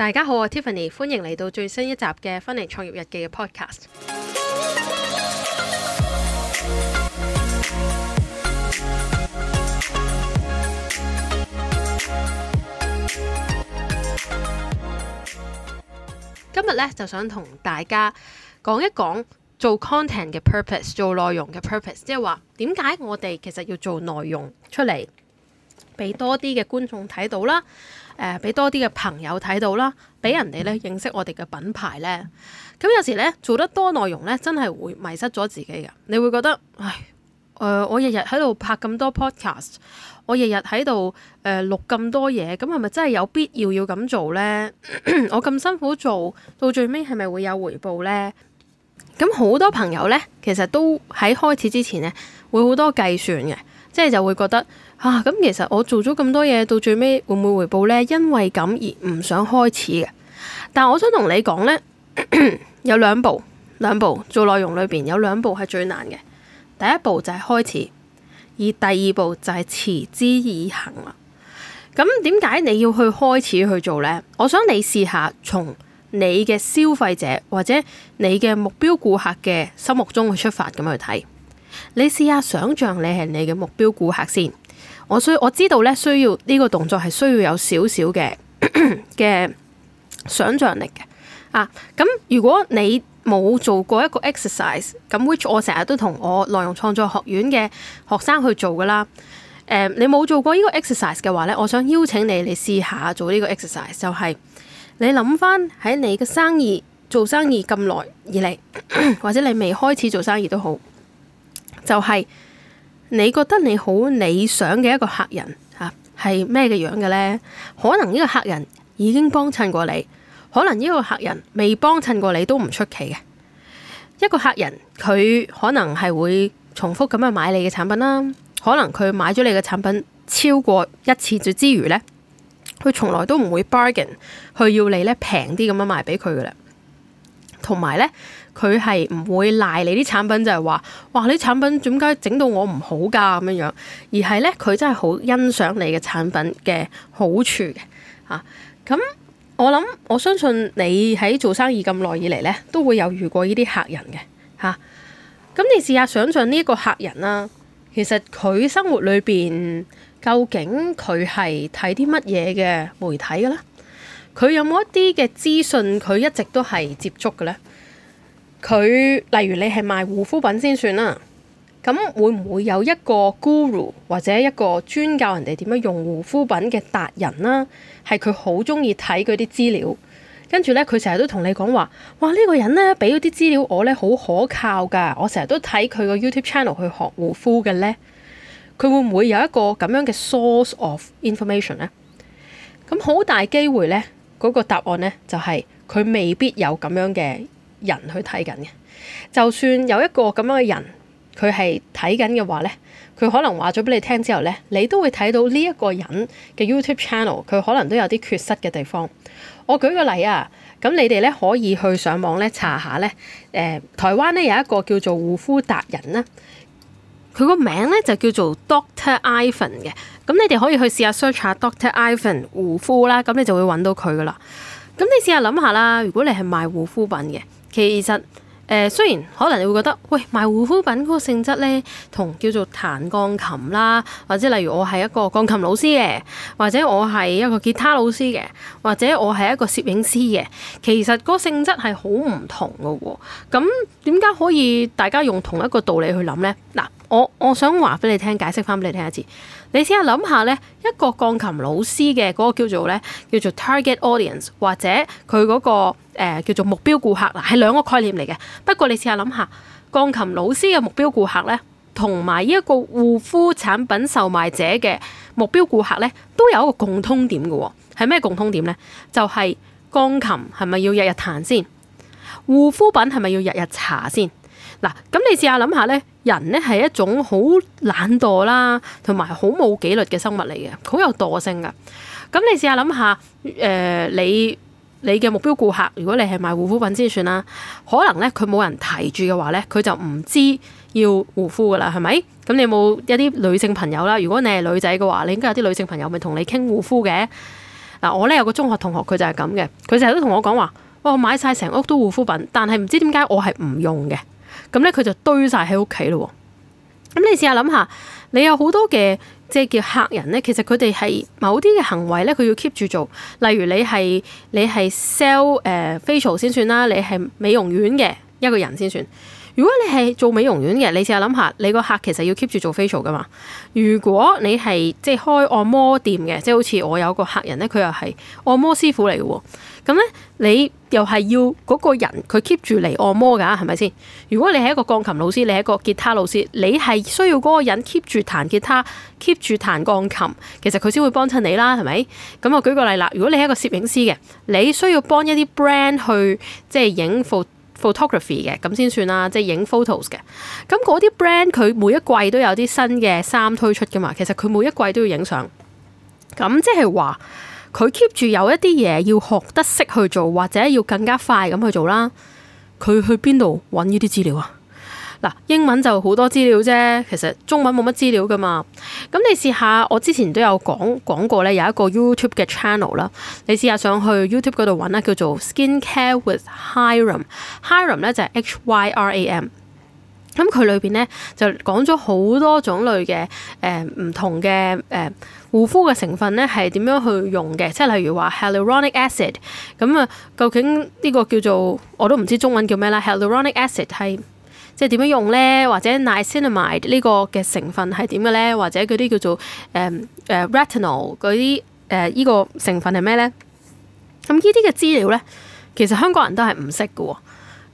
大家好，我係 Tiffany，歡迎嚟到最新一集嘅《芬尼創業日記》嘅 Podcast。今日咧就想同大家講一講做 content 嘅 purpose，做內容嘅 purpose，即係話點解我哋其實要做內容出嚟，俾多啲嘅觀眾睇到啦。誒俾、呃、多啲嘅朋友睇到啦，俾人哋咧認識我哋嘅品牌咧。咁有時咧做得多內容咧，真係會迷失咗自己嘅。你會覺得，唉，誒、呃、我日日喺度拍咁多 Podcast，我日日喺度誒錄咁多嘢，咁係咪真係有必要要咁做咧？ 我咁辛苦做到最尾，係咪會有回報咧？咁好多朋友咧，其實都喺開始之前咧，會好多計算嘅。即係就會覺得啊，咁其實我做咗咁多嘢，到最尾會唔會回報呢？因為咁而唔想開始嘅。但我想同你講呢，咳咳，有兩步，兩步做內容裏邊有兩步係最難嘅。第一步就係開始，而第二步就係持之以恆啦。咁點解你要去開始去做呢？我想你試下從你嘅消費者或者你嘅目標顧客嘅心目中去出發，咁去睇。你試下想像你係你嘅目標顧客先。我需我知道咧，需要呢、呢個動作係需要有少少嘅嘅想像力嘅啊。咁如果你冇做過一個 exercise，咁 which 我成日都同我內容創作學院嘅學生去做噶啦。誒、呃，你冇做過呢個 exercise 嘅話咧，我想邀請你試試、就係、你試下做呢個 exercise，就係你諗翻喺你嘅生意做生意咁耐以嚟， 或者你未開始做生意都好。就係、是、你覺得你好理想嘅一個客人吓係咩嘅樣嘅咧？可能呢個客人已經幫襯過你，可能呢個客人未幫襯過你都唔出奇嘅。一個客人佢可能係會重複咁樣買你嘅產品啦，可能佢買咗你嘅產品超過一次就之餘咧，佢從來都唔會 bargain 去要你咧平啲咁樣賣俾佢嘅啦。同埋咧，佢係唔會賴你啲產品，就係話哇，你啲產品點解整到我唔好噶咁樣樣，而係咧佢真係好欣賞你嘅產品嘅好處嘅吓。咁我諗，我相信你喺做生意咁耐以嚟咧，都會有遇過呢啲客人嘅吓。咁你試下想象呢一個客人啦，其實佢生活裏邊究竟佢係睇啲乜嘢嘅媒體嘅咧？佢有冇一啲嘅資訊，佢一直都係接觸嘅咧？佢例如你係賣護膚品先算啦，咁會唔會有一個 guru 或者一個專教人哋點樣用護膚品嘅達人啦？係佢好中意睇佢啲資料，呢跟住咧佢成日都同你講話，哇呢、呢個人咧俾嗰啲資料我咧好可靠㗎，我成日都睇佢個 YouTube channel 去學護膚嘅咧。佢會唔會有一個咁樣嘅 source of information 咧？咁好大機會咧～嗰個答案咧，就係、是、佢未必有咁樣嘅人去睇緊嘅。就算有一個咁樣嘅人，佢係睇緊嘅話咧，佢可能話咗俾你聽之後咧，你都會睇到呢一個人嘅 YouTube Channel，佢可能都有啲缺失嘅地方。我舉個例啊，咁你哋咧可以去上網咧查下咧，誒、呃，台灣咧有一個叫做護膚達人啦。佢個名咧就叫做 Dr. Ivan 嘅，咁你哋可以去試下 search 下 Dr. Ivan 護膚啦，咁你就會揾到佢噶啦。咁你試下諗下啦，如果你係賣護膚品嘅，其實誒、呃、雖然可能你會覺得喂賣護膚品嗰個性質咧，同叫做彈鋼琴啦，或者例如我係一個鋼琴老師嘅，或者我係一個吉他老師嘅，或者我係一個攝影師嘅，其實嗰個性質係好唔同嘅喎、哦。咁點解可以大家用同一個道理去諗咧？嗱。我我想話俾你聽，解釋翻俾你聽一次。你試下諗下咧，一個鋼琴老師嘅嗰個叫做咧，叫做 target audience 或者佢嗰、那個、呃、叫做目標顧客啦，係兩個概念嚟嘅。不過你試下諗下，鋼琴老師嘅目標顧客咧，同埋呢一個護膚產品售賣者嘅目標顧客咧，都有一個共通點嘅喎、哦。係咩共通點咧？就係、是、鋼琴係咪要日日彈先？護膚品係咪要日日搽先？嗱，咁你試下諗下咧，人咧係一種好懶惰啦，同埋好冇紀律嘅生物嚟嘅，好有惰性噶。咁你試下諗下，誒、呃、你你嘅目標顧客，如果你係賣護膚品先算啦，可能咧佢冇人提住嘅話咧，佢就唔知要護膚噶啦，係咪？咁你有冇一啲女性朋友啦？如果你係女仔嘅話，你應該有啲女性朋友咪同你傾護膚嘅嗱、呃。我咧有個中學同學，佢就係咁嘅，佢成日都同我講話，哇、哦、買晒成屋都護膚品，但係唔知點解我係唔用嘅。咁咧佢就堆晒喺屋企咯喎，咁你試下諗下，你有好多嘅即係叫客人咧，其實佢哋係某啲嘅行為咧，佢要 keep 住做，例如你係你係 sell 誒 facial 先算啦，你係、uh, 美容院嘅一個人先算。如果你係做美容院嘅，你試下諗下，你個客其實要 keep 住做 facial 噶嘛？如果你係即係開按摩店嘅，即係好似我有個客人咧，佢又係按摩師傅嚟嘅喎。咁咧，你又係要嗰個人佢 keep 住嚟按摩㗎，係咪先？如果你係一個鋼琴老師，你係一個吉他老師，你係需要嗰個人 keep 住彈吉他、keep 住彈鋼琴，其實佢先會幫襯你啦，係咪？咁我舉個例啦，如果你係一個攝影師嘅，你需要幫一啲 brand 去即係影 f photography 嘅咁先算啦，即係影 photos 嘅。咁嗰啲 brand 佢每一季都有啲新嘅衫推出噶嘛，其實佢每一季都要影相。咁即係話，佢 keep 住有一啲嘢要學得識去做，或者要更加快咁去做啦。佢去邊度揾呢啲資料啊？嗱，英文就好多資料啫。其實中文冇乜資料噶嘛。咁你試下，我之前都有講講過咧，有一個 YouTube 嘅 channel 啦。你試下上去 YouTube 嗰度揾啦，叫做 Skincare with Hyram。Hyram 咧就係 H Y R A M。咁佢裏邊咧就講咗好多種類嘅誒唔同嘅誒、呃、護膚嘅成分咧，係點樣去用嘅？即係例如話 Hyaluronic Acid 咁啊，究竟呢個叫做我都唔知中文叫咩啦。Hyaluronic Acid 係。 即係點樣用咧？或者 nicinamide 呢個嘅成分係點嘅咧？或者嗰啲叫做誒誒、嗯呃、retinol 嗰啲誒、呃、依、呢個成分係咩咧？咁呢啲嘅資料咧，其實香港人都係唔識㗎喎。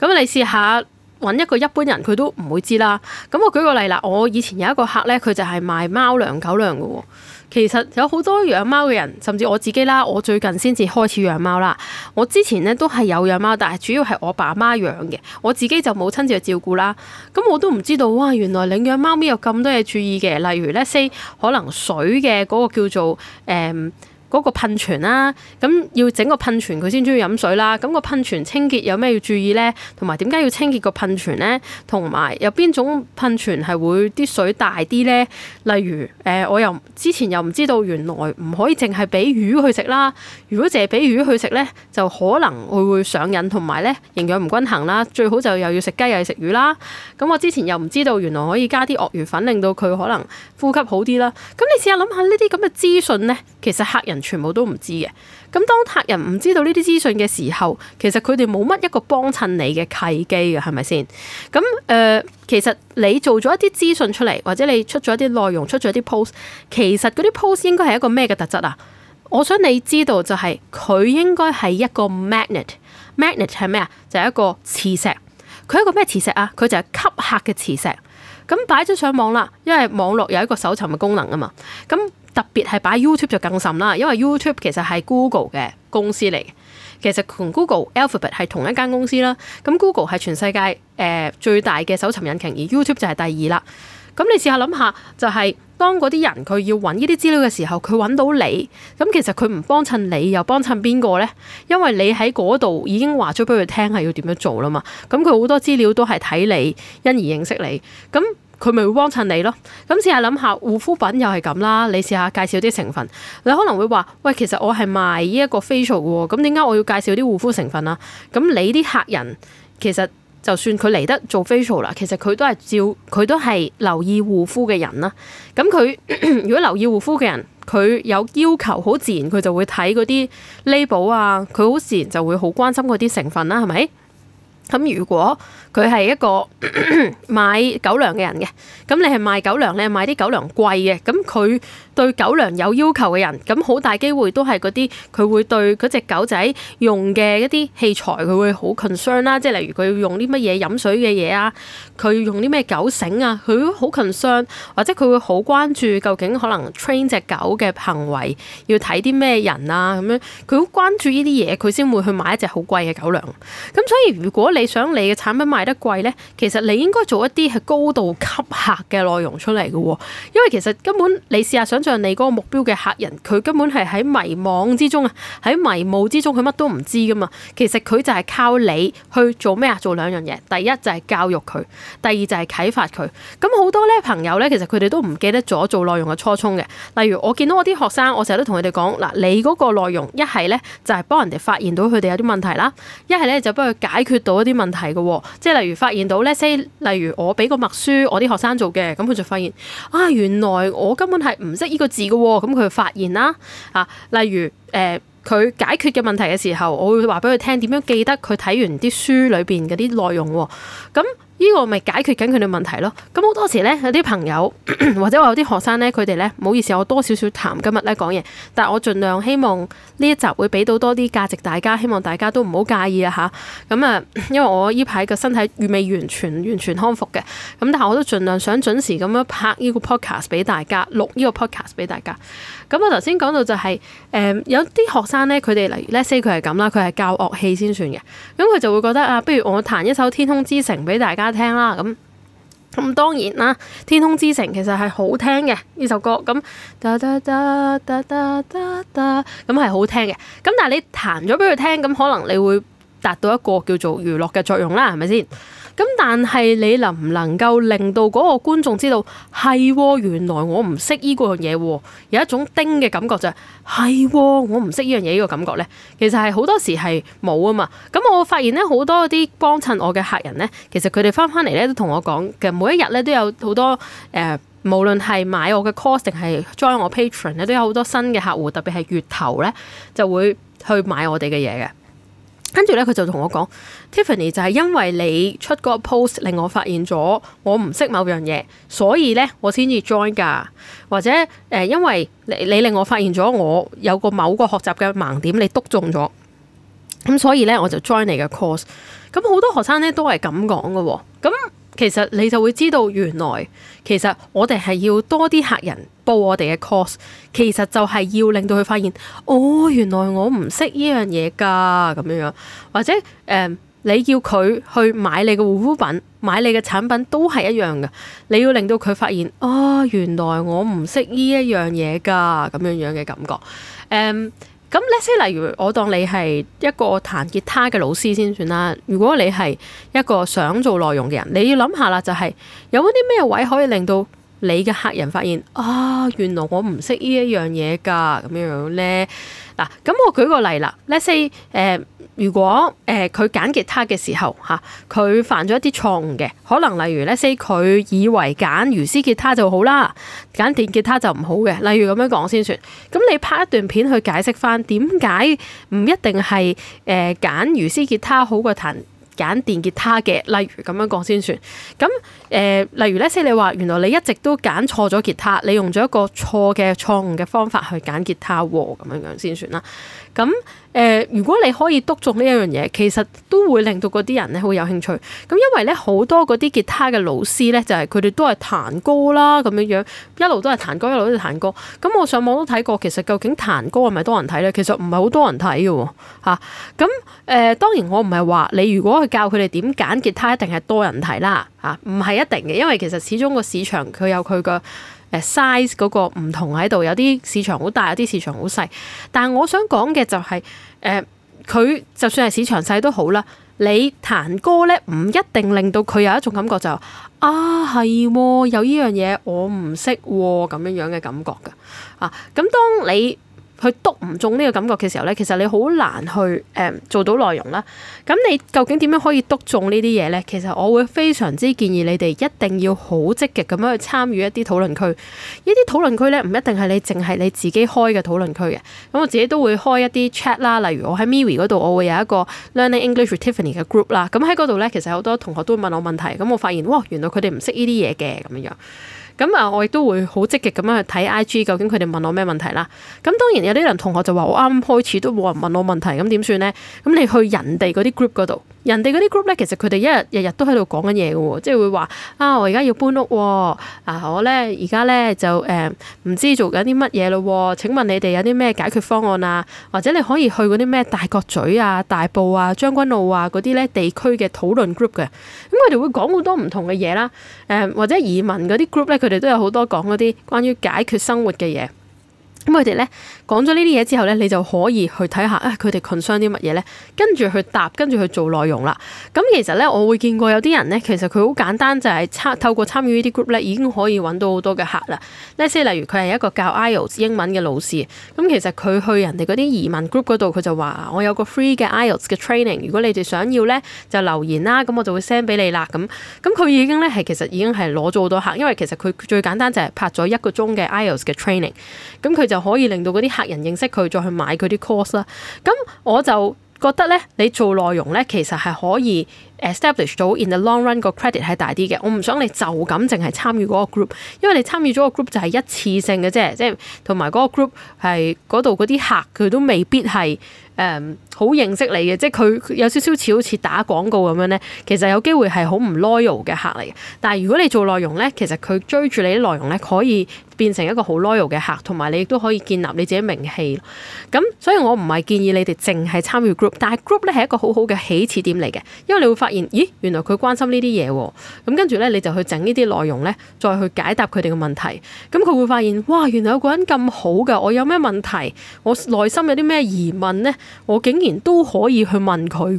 咁你試下。揾一個一般人佢都唔會知啦。咁我舉個例啦，我以前有一個客咧，佢就係賣貓糧、狗糧嘅喎。其實有好多養貓嘅人，甚至我自己啦，我最近先至開始養貓啦。我之前咧都係有養貓，但係主要係我爸媽養嘅，我自己就冇親自去照顧啦。咁我都唔知道哇，原來領養貓咪有咁多嘢注意嘅，例如咧，say 可能水嘅嗰個叫做誒。嗯嗰個噴泉啦，咁要整個噴泉佢先中意飲水啦。咁個噴泉清潔有咩要注意呢？同埋點解要清潔個噴泉呢？同埋有邊種噴泉係會啲水大啲呢？例如誒、呃，我又之前又唔知道原來唔可以淨係俾魚去食啦。如果淨係俾魚去食呢，就可能會會上癮，同埋呢營養唔均衡啦。最好就又要食雞又要食魚啦。咁我之前又唔知道原來可以加啲鱷魚粉令到佢可能呼吸好啲啦。咁你試下諗下呢啲咁嘅資訊呢？其實客人全部都唔知嘅，咁當客人唔知道呢啲資訊嘅時候，其實佢哋冇乜一個幫襯你嘅契機嘅，係咪先？咁誒、呃，其實你做咗一啲資訊出嚟，或者你出咗一啲內容，出咗一啲 post，其實嗰啲 post 應該係一個咩嘅特質啊？我想你知道就係、是、佢應該係一個 magnet，magnet 係咩啊？就係、是、一個磁石，佢係一個咩磁石啊？佢就係吸客嘅磁石，咁擺咗上網啦，因為網絡有一個搜尋嘅功能啊嘛，咁。特別係擺 YouTube 就更甚啦，因為 YouTube 其實係 Google 嘅公司嚟嘅，其實同 Google Alphabet 係同一間公司啦。咁 Google 係全世界誒、呃、最大嘅搜尋引擎，而 YouTube 就係第二啦。咁你試下諗下，就係、是、當嗰啲人佢要揾呢啲資料嘅時候，佢揾到你，咁其實佢唔幫襯你，又幫襯邊個呢？因為你喺嗰度已經話咗俾佢聽係要點樣做啦嘛。咁佢好多資料都係睇你，因而認識你，咁。佢咪會幫襯你咯？咁試下諗下護膚品又係咁啦。你試下介紹啲成分，你可能會話：喂，其實我係賣呢一個 facial 嘅喎。咁點解我要介紹啲護膚成分啊？咁你啲客人其實就算佢嚟得做 facial 啦，其實佢都係照佢都係留意護膚嘅人啦。咁佢 如果留意護膚嘅人，佢有要求，好自然佢就會睇嗰啲 label 啊。佢好自然就會好關心嗰啲成分啦，係咪？咁如果佢係一個咳咳買狗糧嘅人嘅，咁你係賣狗糧，你係賣啲狗糧貴嘅，咁佢對狗糧有要求嘅人，咁好大機會都係嗰啲佢會對嗰隻狗仔用嘅一啲器材，佢會好 concern 啦，即係例如佢要用啲乜嘢飲水嘅嘢啊，佢用啲咩狗繩啊，佢好 concern，或者佢會好關注究竟可能 train 隻狗嘅行為要睇啲咩人啊，咁樣，佢好關注呢啲嘢，佢先會去買一隻好貴嘅狗糧，咁所以如果，你想你嘅產品賣得貴呢？其實你應該做一啲係高度吸客嘅內容出嚟嘅喎，因為其實根本你試下想像你嗰個目標嘅客人，佢根本係喺迷惘之中啊，喺迷霧之中，佢乜都唔知噶嘛。其實佢就係靠你去做咩啊？做兩樣嘢，第一就係教育佢，第二就係啟發佢。咁好多呢朋友呢，其實佢哋都唔記得咗做，做內容嘅初衷嘅。例如我見到我啲學生，我成日都同佢哋講嗱，你嗰個內容一係呢，就係、係、幫人哋發現到佢哋有啲問題啦，一係呢，就幫佢解決到。啲問題嘅，即係例如發現到，let's say，例如我俾個默書我啲學生做嘅，咁佢就發現啊，原來我根本係唔識依個字嘅，咁佢發現啦啊，例如誒，佢、呃、解決嘅問題嘅時候，我會話俾佢聽點樣記得佢睇完啲書裏邊嗰啲內容喎，咁、啊。嗯呢個咪解決緊佢哋問題咯。咁好多時咧，有啲朋友 或者我有啲學生咧，佢哋咧，唔好意思，我多少少談今日咧講嘢，但我盡量希望呢一集會俾到多啲價值大家，希望大家都唔好介意啊吓，咁啊、嗯，因為我呢排個身體未完全完全康復嘅，咁但係我都盡量想準時咁樣拍呢個 podcast 俾大家，錄呢個 podcast 俾大家。咁、嗯、我頭先講到就係、是、誒、嗯、有啲學生咧，佢哋嚟 let's say 佢係咁啦，佢係教樂器先算嘅，咁、嗯、佢就會覺得啊，不如我彈一首天空之城俾大家。聽啦，咁咁當然啦，《天空之城》其實係好聽嘅，呢首歌，咁咁係好聽嘅，咁但係你彈咗俾佢聽，咁可能你會達到一個叫做娛樂嘅作用啦，係咪先？咁但係你能唔能夠令到嗰個觀眾知道係、啊、原來我唔識呢個樣嘢喎，有一種叮嘅感覺就係、係、係、啊、我唔識呢樣嘢呢個感覺呢，其實係好多時係冇啊嘛。咁我發現呢，好多啲幫襯我嘅客人呢，其實佢哋翻翻嚟咧都同我講嘅，每一日咧都有好多誒、呃，無論係買我嘅 course 定係 join 我 Patreon 咧，都有好多新嘅客戶，特別係月頭呢，就會去買我哋嘅嘢嘅。跟住咧，佢就同我講，Tiffany 就係因為你出嗰個 post 令我發現咗我唔識某樣嘢，所以咧我先至 join 㗎。或者誒、呃，因為你你令我發現咗我有個某個學習嘅盲點，你篤中咗，咁、嗯、所以咧我就 join 你嘅 course。咁、嗯、好多學生咧都係咁講嘅喎，咁、嗯。其實你就會知道，原來其實我哋係要多啲客人報我哋嘅 course，其實就係要令到佢發現，哦，原來我唔識呢樣嘢㗎咁樣樣，或者誒、呃，你要佢去買你嘅護膚品，買你嘅產品都係一樣㗎，你要令到佢發現，哦，原來我唔識呢一樣嘢㗎咁樣樣嘅感覺，誒、呃。咁，let's say 例如我當你係一個彈吉他嘅老師先算啦。如果你係一個想做內容嘅人，你要諗下啦，就係有啲咩位可以令到你嘅客人發現啊，原來我唔識呢一樣嘢噶，咁樣樣咧。嗱，咁我舉個例啦，let's say 誒。如果誒佢揀吉他嘅時候嚇，佢、啊、犯咗一啲錯誤嘅，可能例如咧，say 佢以為揀如斯吉他就好啦，揀電吉他就唔好嘅，例如咁樣講先算。咁你拍一段片去解釋返點解唔一定係誒揀如斯吉他好過彈揀電吉他嘅，例如咁樣講先算。咁誒、呃，例如咧，即係你話，原來你一直都揀錯咗吉他，你用咗一個錯嘅錯誤嘅方法去揀吉他喎，咁樣樣先算啦。咁、嗯、誒、呃，如果你可以督中呢一樣嘢，其實都會令到嗰啲人咧好有興趣。咁因為咧，好多嗰啲吉他嘅老師咧，就係佢哋都係彈歌啦，咁樣樣一路都係彈歌，一路都係彈歌。咁我上網都睇過，其實究竟彈歌係咪多人睇咧？其實唔係好多人睇嘅喎，嚇、啊。咁、嗯、誒、呃，當然我唔係話你，如果去教佢哋點揀吉他，一定係多人睇啦。唔係、啊、一定嘅，因為其實始終個市場佢有佢嘅誒 size 嗰個唔同喺度，有啲市場好大，有啲市場好細。但係我想講嘅就係、是、誒，佢、呃、就算係市場細都好啦，你彈歌咧，唔一定令到佢有一種感覺，就啊係，有呢樣嘢我唔識咁樣樣嘅感覺㗎。啊，咁、哦哦啊、當你去篤唔中呢個感覺嘅時候呢，其實你好難去誒、嗯、做到內容啦。咁你究竟點樣可以篤中呢啲嘢呢？其實我會非常之建議你哋一定要好積極咁樣去參與一啲討論區。呢啲討論區呢，唔一定係你淨係你自己開嘅討論區嘅。咁我自己都會開一啲 chat 啦，例如我喺 MeWe 嗰度，我會有一個 Learning English with Tiffany 嘅 group 啦。咁喺嗰度呢，其實好多同學都會問我問題。咁我發現，哇，原來佢哋唔識呢啲嘢嘅咁樣。咁啊，我亦都會好積極咁樣去睇 IG，究竟佢哋問我咩問題啦。咁當然有啲人同學就話：我啱開始都冇人問我問題，咁點算咧？咁你去人哋嗰啲 group 嗰度。人哋嗰啲 group 咧，其實佢哋一日日日都喺度講緊嘢嘅喎，即係會話啊，我而家要搬屋，啊我咧而家咧就誒唔、嗯、知做緊啲乜嘢咯？請問你哋有啲咩解決方案啊？或者你可以去嗰啲咩大角咀啊、大埔啊、將軍澳啊嗰啲咧地區嘅討論 group 嘅，咁佢哋會講好多唔同嘅嘢啦。誒、嗯、或者移民嗰啲 group 咧，佢哋都有好多講嗰啲關於解決生活嘅嘢。咁佢哋咧。講咗呢啲嘢之後呢，你就可以去睇下啊，佢哋 concern 啲乜嘢呢？跟住去答，跟住去做內容啦。咁、嗯、其實呢，我會見過有啲人呢，其實佢好簡單就係、是、參透過參與呢啲 group 呢，已經可以揾到好多嘅客啦。呢啲例如佢係一個教 IELTS 英文嘅老師，咁、嗯、其實佢去人哋嗰啲移民 group 嗰度，佢就話我有個 free 嘅 IELTS 嘅 training，如果你哋想要呢，就留言啦，咁、嗯、我就會 send 俾你啦。咁咁佢已經呢，係其實已經係攞咗好多客，因為其實佢最簡單就係拍咗一個鐘嘅 IELTS 嘅 training，咁、嗯、佢、嗯、就可以令到嗰啲。客人認識佢再去買佢啲 course 啦，咁我就覺得咧，你做內容咧，其實係可以。establish 到，in the long run 個 credit 係大啲嘅。我唔想你就咁淨係參與嗰個 group，因為你參與咗個 group 就係一次性嘅啫，即係同埋嗰個 group 係嗰度嗰啲客佢都未必係誒好認識你嘅，即係佢有少少似好似打廣告咁樣咧。其實有機會係好唔 loyal 嘅客嚟嘅，但係如果你做內容咧，其實佢追住你啲內容咧，可以變成一個好 loyal 嘅客，同埋你亦都可以建立你自己名氣。咁所以我唔係建議你哋淨係參與 group，但係 group 咧係一個好好嘅起始點嚟嘅，因為你會發。發現咦，原來佢關心呢啲嘢，咁跟住咧，你就去整呢啲內容咧，再去解答佢哋嘅問題。咁佢會發現，哇，原來有個人咁好㗎，我有咩問題，我內心有啲咩疑問咧，我竟然都可以去問佢㗎，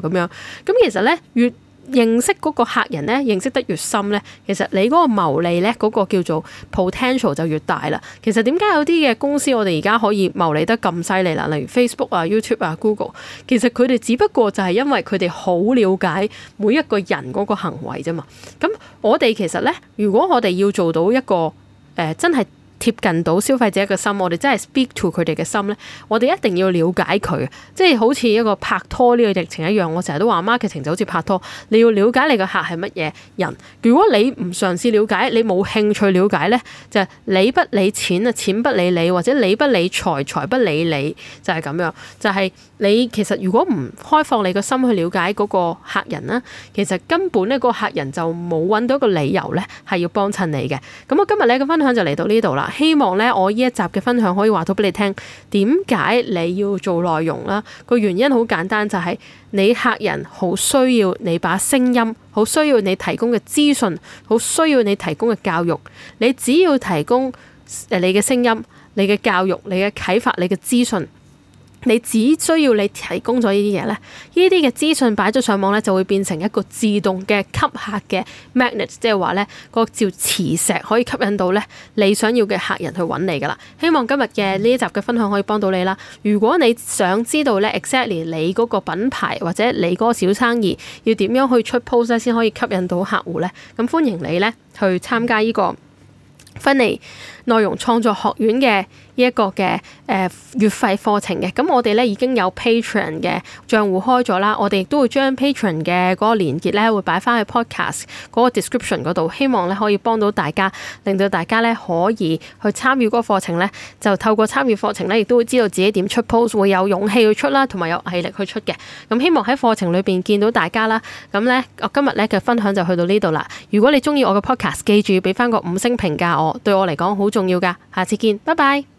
咁樣。咁其實咧，越。認識嗰個客人咧，認識得越深咧，其實你嗰個牟利咧，嗰、嗰個叫做 potential 就越大啦。其實點解有啲嘅公司我哋而家可以牟利得咁犀利啦？例如 Facebook 啊、YouTube 啊、Google，其實佢哋只不過就係因為佢哋好了解每一個人嗰個行為啫嘛。咁我哋其實咧，如果我哋要做到一個誒、呃、真係～貼近到消費者嘅心，我哋真係 speak to 佢哋嘅心咧。我哋一定要了解佢，即係好似一個拍拖呢個疫情一樣。我成日都話 marketing 就好似拍拖，你要了解你個客係乜嘢人。如果你唔嘗試了解，你冇興趣了解咧，就係你不理錢啊，錢不理你，或者你不理財，財不理你，就係咁樣，就係。你其實如果唔開放你個心去了解嗰個客人呢，其實根本呢嗰個客人就冇揾到一個理由呢係要幫襯你嘅。咁我今日呢個分享就嚟到呢度啦。希望呢我呢一集嘅分享可以話到俾你聽，點解你要做內容啦？個原因好簡單，就係，就係你客人好需要你把聲音，好需要你提供嘅資訊，好需要你提供嘅教育。你只要提供你嘅聲音、你嘅教育、你嘅啟發、你嘅資訊。你只需要你提供咗呢啲嘢呢，呢啲嘅資訊擺咗上網呢，就會變成一個自動嘅吸客嘅 magnet，即係話呢嗰個叫磁石可以吸引到呢你想要嘅客人去揾你噶啦。希望今日嘅呢一集嘅分享可以幫到你啦。如果你想知道呢 exactly 你嗰個品牌或者你嗰個小生意要點樣去出 post 呢，先可以吸引到客戶呢？咁歡迎你呢去參加呢個芬尼。內容創作學院嘅呢一個嘅誒、呃、月費課程嘅，咁我哋咧已經有 patreon 嘅賬戶開咗啦，我哋亦都會將 patreon 嘅嗰個連結咧，會擺翻喺 podcast 嗰個 description 度，希望咧可以幫到大家，令到大家咧可以去參與嗰個課程咧，就透過參與課程咧，亦都會知道自己點出 post 會有勇氣去出啦，同埋有，有毅力去出嘅。咁希望喺課程裏邊見到大家啦。咁咧，我今日咧嘅分享就去到呢度啦。如果你中意我嘅 podcast，記住俾翻個五星評價我，對我嚟講好。重要噶，下次見，拜拜。